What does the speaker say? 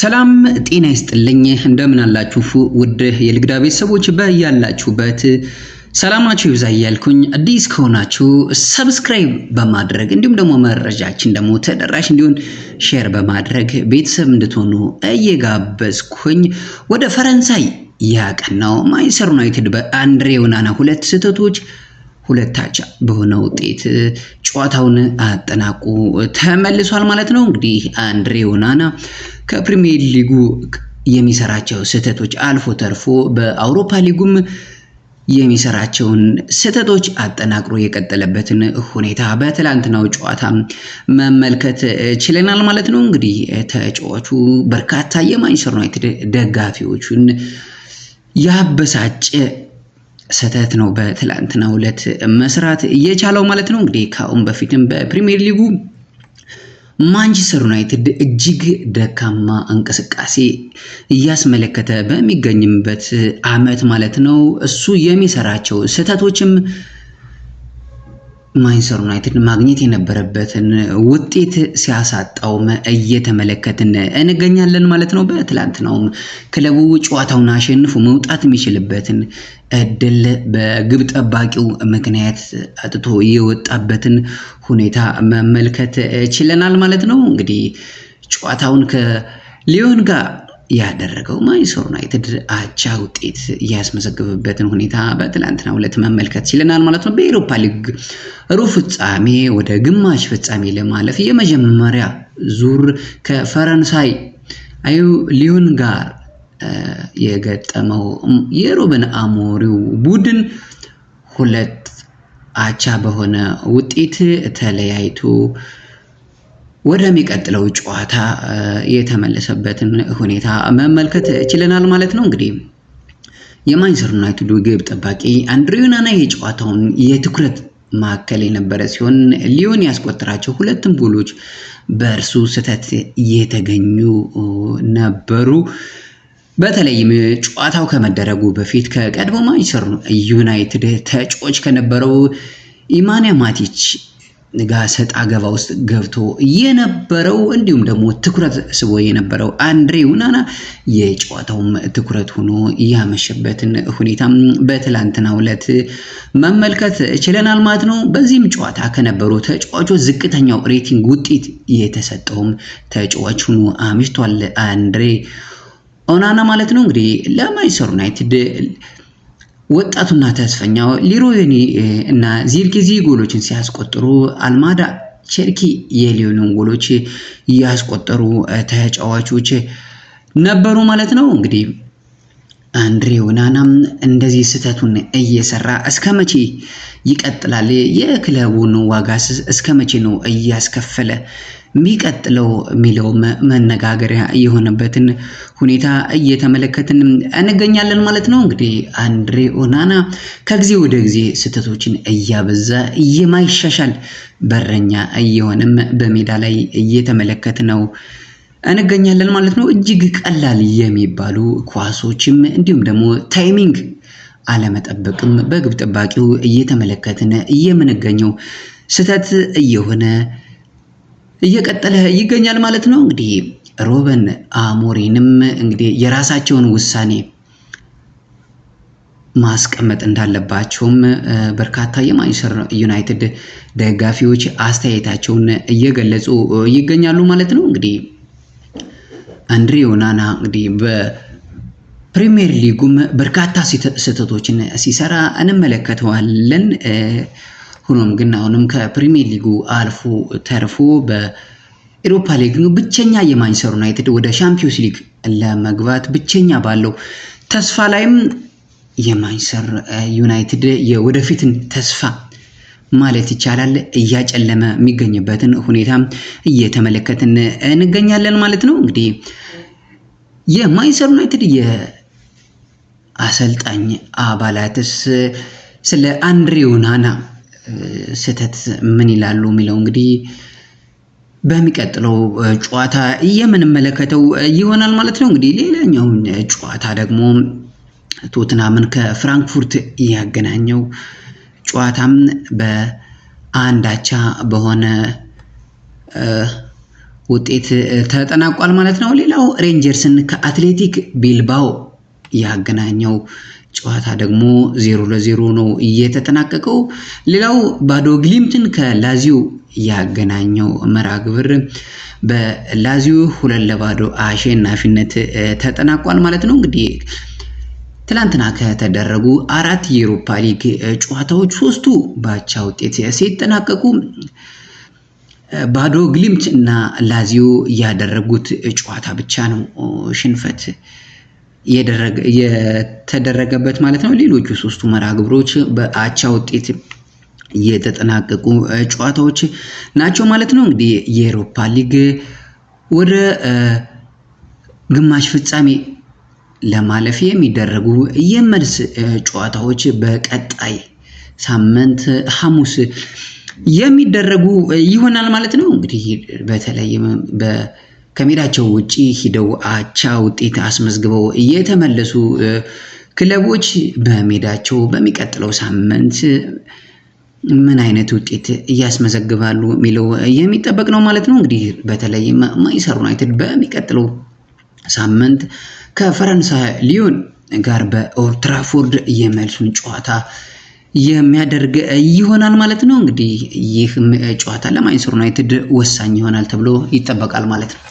ሰላም ጤና ይስጥልኝ። እንደምን አላችሁ ውድ የልግዳ ቤተሰቦች፣ በያላችሁበት ሰላማችሁ ይብዛ እያልኩኝ አዲስ ከሆናችሁ ሰብስክራይብ በማድረግ እንዲሁም ደግሞ መረጃችን ደግሞ ተደራሽ እንዲሆን ሼር በማድረግ ቤተሰብ እንድትሆኑ እየጋበዝኩኝ ወደ ፈረንሳይ ያቀናው ማንችስተር ዩናይትድ በአንድሬ ኦናና ሁለት ስህተቶች ሁለት አቻ በሆነ ውጤት ጨዋታውን አጠናቁ ተመልሷል ማለት ነው። እንግዲህ አንድሬ ኦናና ከፕሪሚየር ሊጉ የሚሰራቸው ስህተቶች አልፎ ተርፎ በአውሮፓ ሊጉም የሚሰራቸውን ስህተቶች አጠናቅሮ የቀጠለበትን ሁኔታ በትላንትናው ጨዋታ መመልከት ችለናል ማለት ነው። እንግዲህ ተጫዋቹ በርካታ የማንቸስተር ዩናይትድ ደጋፊዎቹን ያበሳጨ ስህተት ነው በትላንትናው ዕለት መስራት እየቻለው ማለት ነው። እንግዲህ ከአሁን በፊትም በፕሪሚየር ሊጉ ማንቸስተር ዩናይትድ እጅግ ደካማ እንቅስቃሴ እያስመለከተ በሚገኝበት ዓመት ማለት ነው እሱ የሚሰራቸው ስህተቶችም ማንቸስተር ዩናይትድ ማግኘት የነበረበትን ውጤት ሲያሳጣውም እየተመለከትን እንገኛለን ማለት ነው። በትላንትናውም ክለቡ ጨዋታውን አሸንፎ መውጣት የሚችልበትን እድል በግብ ጠባቂው ምክንያት አጥቶ የወጣበትን ሁኔታ መመልከት ችለናል ማለት ነው። እንግዲህ ጨዋታውን ከሊዮን ጋር ያደረገው ማንቸስተር ዩናይትድ አቻ ውጤት ያስመዘገበበትን ሁኔታ በትላንትናው ሁለት መመልከት ችለናል ማለት ነው። በኤሮፓ ሊግ ሩብ ፍጻሜ ወደ ግማሽ ፍጻሜ ለማለፍ የመጀመሪያ ዙር ከፈረንሳይ አዩ ሊዮን ጋር የገጠመው የሩበን አሞሪው ቡድን ሁለት አቻ በሆነ ውጤት ተለያይቶ ወደሚቀጥለው ጨዋታ የተመለሰበትን ሁኔታ መመልከት ችለናል ማለት ነው። እንግዲህ የማንቸስተር ዩናይትድ ግብ ጠባቂ አንድሬው የጨዋታውን የትኩረት ማዕከል የነበረ ሲሆን ሊዮን ያስቆጠራቸው ሁለትም ጎሎች በእርሱ ስህተት እየተገኙ ነበሩ። በተለይም ጨዋታው ከመደረጉ በፊት ከቀድሞ ማንቸስተር ዩናይትድ ተጫዋች ከነበረው ኢማኒያ ማቲች ጋር ሰጣ ገባ ውስጥ ገብቶ የነበረው እንዲሁም ደግሞ ትኩረት ስቦ የነበረው አንድሬ ውናና የጨዋታውም ትኩረት ሆኖ ያመሸበትን ሁኔታ በትላንትና ዕለት መመልከት ችለናል ማለት ነው። በዚህም ጨዋታ ከነበሩ ተጫዋቾች ዝቅተኛው ሬቲንግ ውጤት የተሰጠውም ተጫዋች ሆኖ አምሽቷል አንድሬ ኦናና ማለት ነው እንግዲህ ለማንቸስተር ዩናይትድ ወጣቱና ተስፈኛው ሊሮዮኒ እና ዚርጊዚ ጎሎችን ሲያስቆጥሩ አልማዳ ቸርኪ የሊዮንን ጎሎች ያስቆጠሩ ተጫዋቾች ነበሩ ማለት ነው እንግዲህ አንድሬ ኦናናም እንደዚህ ስህተቱን እየሰራ እስከ መቼ ይቀጥላል? የክለቡን ዋጋስ እስከ መቼ ነው እያስከፈለ የሚቀጥለው የሚለው መነጋገሪያ የሆነበትን ሁኔታ እየተመለከትን እንገኛለን ማለት ነው። እንግዲህ አንድሬ ኦናና ከጊዜ ወደ ጊዜ ስህተቶችን እያበዛ የማይሻሻል በረኛ እየሆነም በሜዳ ላይ እየተመለከት ነው እንገኛለን ማለት ነው። እጅግ ቀላል የሚባሉ ኳሶችም እንዲሁም ደግሞ ታይሚንግ አለመጠበቅም በግብ ጠባቂው እየተመለከትን የምንገኘው ስህተት እየሆነ እየቀጠለ ይገኛል ማለት ነው። እንግዲህ ሮበን አሞሪንም እንግዲህ የራሳቸውን ውሳኔ ማስቀመጥ እንዳለባቸውም በርካታ የማንቸስተር ዩናይትድ ደጋፊዎች አስተያየታቸውን እየገለጹ ይገኛሉ ማለት ነው። እንግዲህ አንድሬ ኦናና እንግዲህ በፕሪሚየር ሊጉም በርካታ ስህተቶችን ሲሰራ እንመለከተዋለን። ሆኖም ግን አሁንም ከፕሪሚየር ሊጉ አልፎ ተርፎ በኤሮፓ ሊግ ብቸኛ የማንቸስተር ዩናይትድ ወደ ሻምፒዮንስ ሊግ ለመግባት ብቸኛ ባለው ተስፋ ላይም የማንቸስተር ዩናይትድ የወደፊትን ተስፋ ማለት ይቻላል እያጨለመ የሚገኝበትን ሁኔታ እየተመለከትን እንገኛለን ማለት ነው። እንግዲህ የማንቸስተር ዩናይትድ የአሰልጣኝ አባላትስ ስለ አንድሬ ኦናና ስህተት ምን ይላሉ የሚለው እንግዲህ በሚቀጥለው ጨዋታ የምንመለከተው ይሆናል ማለት ነው። እንግዲህ ሌላኛውን ጨዋታ ደግሞ ቶትናምን ከፍራንክፉርት ያገናኘው ጨዋታም በአንድ አቻ በሆነ ውጤት ተጠናቋል ማለት ነው። ሌላው ሬንጀርስን ከአትሌቲክ ቢልባው ያገናኘው ጨዋታ ደግሞ ዜሮ ለዜሮ ነው እየተጠናቀቀው። ሌላው ባዶ ግሊምትን ከላዚዮ ያገናኘው መርሃ ግብር በላዚዮ ሁለት ለባዶ አሸናፊነት ተጠናቋል ማለት ነው። እንግዲህ ትላንትና ከተደረጉ አራት የአውሮፓ ሊግ ጨዋታዎች ሶስቱ በአቻ ውጤት ሲጠናቀቁ ባዶ ግሊምት እና ላዚዮ ያደረጉት ጨዋታ ብቻ ነው ሽንፈት የተደረገበት ማለት ነው። ሌሎቹ ሶስቱ መርሃ ግብሮች በአቻ ውጤት የተጠናቀቁ ጨዋታዎች ናቸው ማለት ነው። እንግዲህ የኤሮፓ ሊግ ወደ ግማሽ ፍጻሜ ለማለፍ የሚደረጉ የመልስ ጨዋታዎች በቀጣይ ሳምንት ሐሙስ የሚደረጉ ይሆናል ማለት ነው። እንግዲህ በተለይም በ ከሜዳቸው ውጪ ሂደው አቻ ውጤት አስመዝግበው እየተመለሱ ክለቦች በሜዳቸው በሚቀጥለው ሳምንት ምን አይነት ውጤት እያስመዘግባሉ የሚለው የሚጠበቅ ነው ማለት ነው። እንግዲህ በተለይ ማንችስተር ዩናይትድ በሚቀጥለው ሳምንት ከፈረንሳይ ሊዮን ጋር በኦልትራፎርድ የመልሱን ጨዋታ የሚያደርግ ይሆናል ማለት ነው። እንግዲህ ይህ ጨዋታ ለማንችስተር ዩናይትድ ወሳኝ ይሆናል ተብሎ ይጠበቃል ማለት ነው።